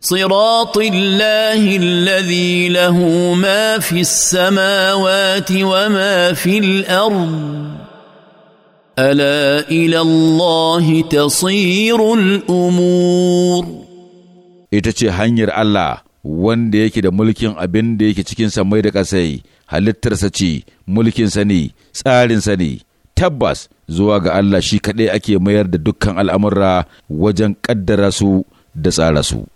صراط الله الذي له ما في السماوات وما في الارض الا الى الله تصير الامور ita ce hanyar Allah wanda yake da mulkin abin da yake cikin samai da ƙasai halittarsa ce mulkinsa ne tsarinsa ne tabbas zuwa ga Allah shi kaɗai ake mayar da dukkan al'amurra wajen ƙaddara su da tsara su